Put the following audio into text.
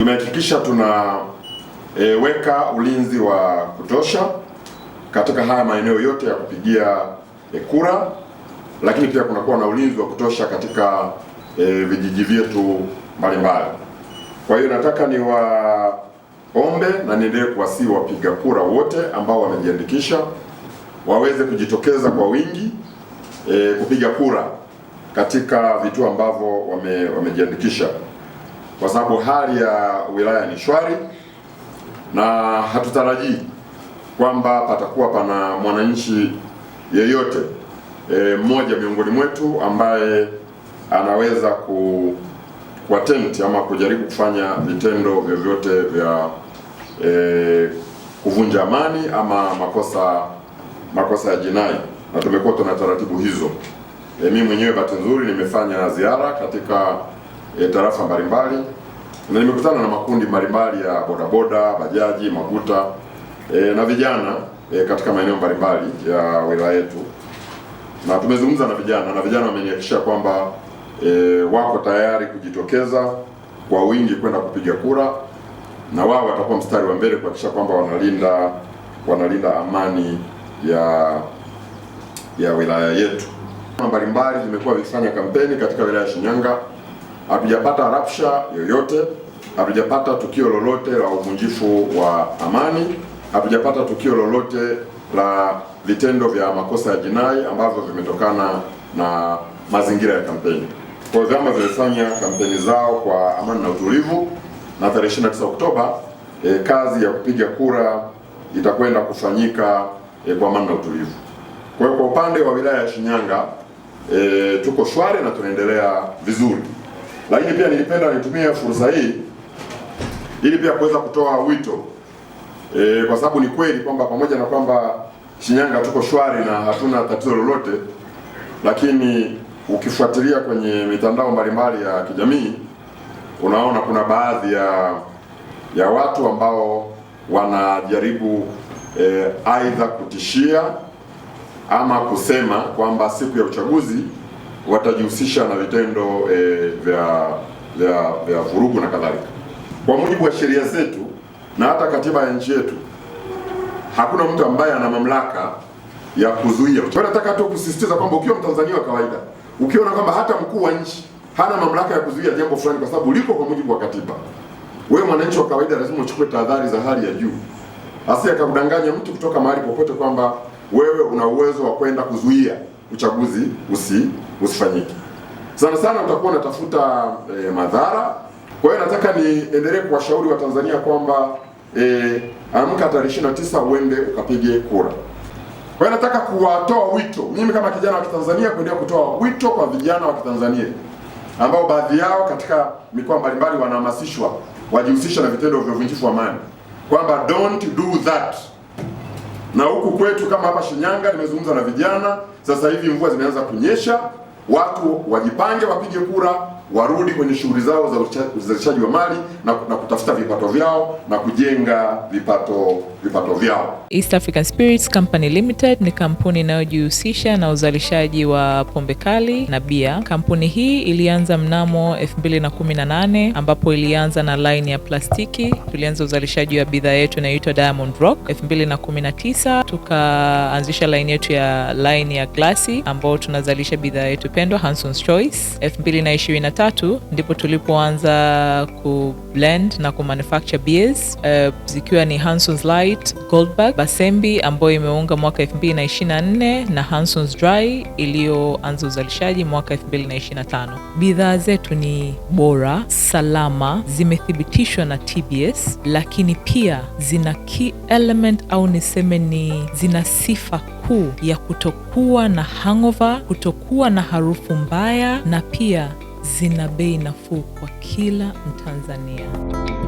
Tumehakikisha tunaweka e, ulinzi wa kutosha katika haya maeneo yote ya kupigia e, kura, lakini pia kunakuwa na ulinzi wa kutosha katika e, vijiji vyetu mbalimbali. Kwa hiyo nataka niwaombe na niendelee kuwasihi wapiga kura wote ambao wamejiandikisha waweze kujitokeza kwa wingi e, kupiga kura katika vituo ambavyo wame, wamejiandikisha kwa sababu hali ya wilaya ni shwari na hatutarajii kwamba patakuwa pana mwananchi yeyote e, mmoja miongoni mwetu ambaye anaweza ku kuattempt ama kujaribu kufanya vitendo vyovyote vya e, kuvunja amani ama makosa makosa ya jinai, na tumekuwa tuna taratibu hizo. E, mimi mwenyewe bahati nzuri nimefanya ziara katika e, tarafa mbalimbali na nimekutana na makundi mbalimbali ya bodaboda, bajaji, maguta e, na vijana e, katika maeneo mbalimbali ya wilaya yetu, na tumezungumza na vijana na vijana wamenihakikishia kwamba e, wako tayari kujitokeza kwa wingi kwenda kupiga kura, na wao watakuwa mstari wa mbele kuhakikisha kwamba wanalinda wanalinda amani ya ya wilaya yetu. Mbalimbali zimekuwa vikifanya kampeni katika wilaya ya Shinyanga hatujapata rapsha yoyote, hatujapata tukio lolote la uvunjifu wa amani, hatujapata tukio lolote la vitendo vya makosa ya jinai ambavyo vimetokana na mazingira ya kampeni. Kwa vyama vimefanya kampeni zao kwa amani na utulivu, na tarehe 29 Oktoba e, kazi ya kupiga kura itakwenda kufanyika e, kwa amani na utulivu. Kwa hiyo kwa upande wa wilaya ya Shinyanga e, tuko shwari na tunaendelea vizuri. Lakini pia nilipenda nitumie fursa hii ili pia kuweza kutoa wito e, kwa sababu ni kweli kwamba pamoja na kwamba Shinyanga tuko shwari na hatuna tatizo lolote, lakini ukifuatilia kwenye mitandao mbalimbali ya kijamii unaona kuna baadhi ya ya watu ambao wanajaribu e, aidha kutishia ama kusema kwamba siku ya uchaguzi watajihusisha na vitendo e, vya, vya, vya vurugu na kadhalika. Kwa mujibu wa sheria zetu na hata katiba ya nchi yetu, hakuna mtu ambaye ana mamlaka ya kuzuia. Nataka tu kusisitiza kwamba ukiwa Mtanzania wa kawaida, ukiona kwamba hata mkuu wa nchi hana mamlaka ya kuzuia jambo fulani, kwa sababu liko kwa mujibu wa katiba, wewe mwananchi wa kawaida lazima uchukue tahadhari za hali ya juu, asiye akakudanganya mtu kutoka mahali popote kwamba wewe una uwezo wa kwenda kuzuia uchaguzi usi, usifanyike. Sana sana utakuwa unatafuta e, madhara. Kwa hiyo nataka niendelee kuwashauri Watanzania kwamba e, amka tarehe 29 uende ukapige kura. Kwa hiyo nataka kuwatoa wito mimi kama kijana wa Kitanzania kuendelea kutoa wito kwa vijana wa Kitanzania ambao baadhi yao katika mikoa mbalimbali wanahamasishwa wajihusisha na vitendo vya uvunjifu wa amani kwamba don't do that na huku kwetu kama hapa Shinyanga nimezungumza na vijana, sasa hivi mvua zimeanza kunyesha, watu wajipange wapige kura warudi kwenye shughuli zao za uzalishaji wa mali na, na kutafuta vipato vyao na kujenga vipato vipato vyao. East African Spirits Company Limited ni kampuni inayojihusisha na, uzalishaji wa pombe kali na bia. Kampuni hii ilianza mnamo 2018 ambapo ilianza na line ya plastiki. Tulianza uzalishaji wa bidhaa yetu inayoitwa Diamond Rock. 2019 tukaanzisha line yetu ya line ya glasi ambayo tunazalisha bidhaa yetu pendwa Hanson's Choice. 2020 tatu ndipo tulipoanza kublend na kumanufacture manufacture beers uh, zikiwa ni Hanson's Light, Goldberg, Basembi ambayo imeunga mwaka 2024 na Hanson's Dry iliyoanza uzalishaji mwaka 2025. Bidhaa zetu ni bora, salama, zimethibitishwa na TBS, lakini pia zina key element au niseme ni zina sifa kuu ya kutokuwa na hangover, kutokuwa na harufu mbaya na pia zina bei nafuu kwa kila Mtanzania.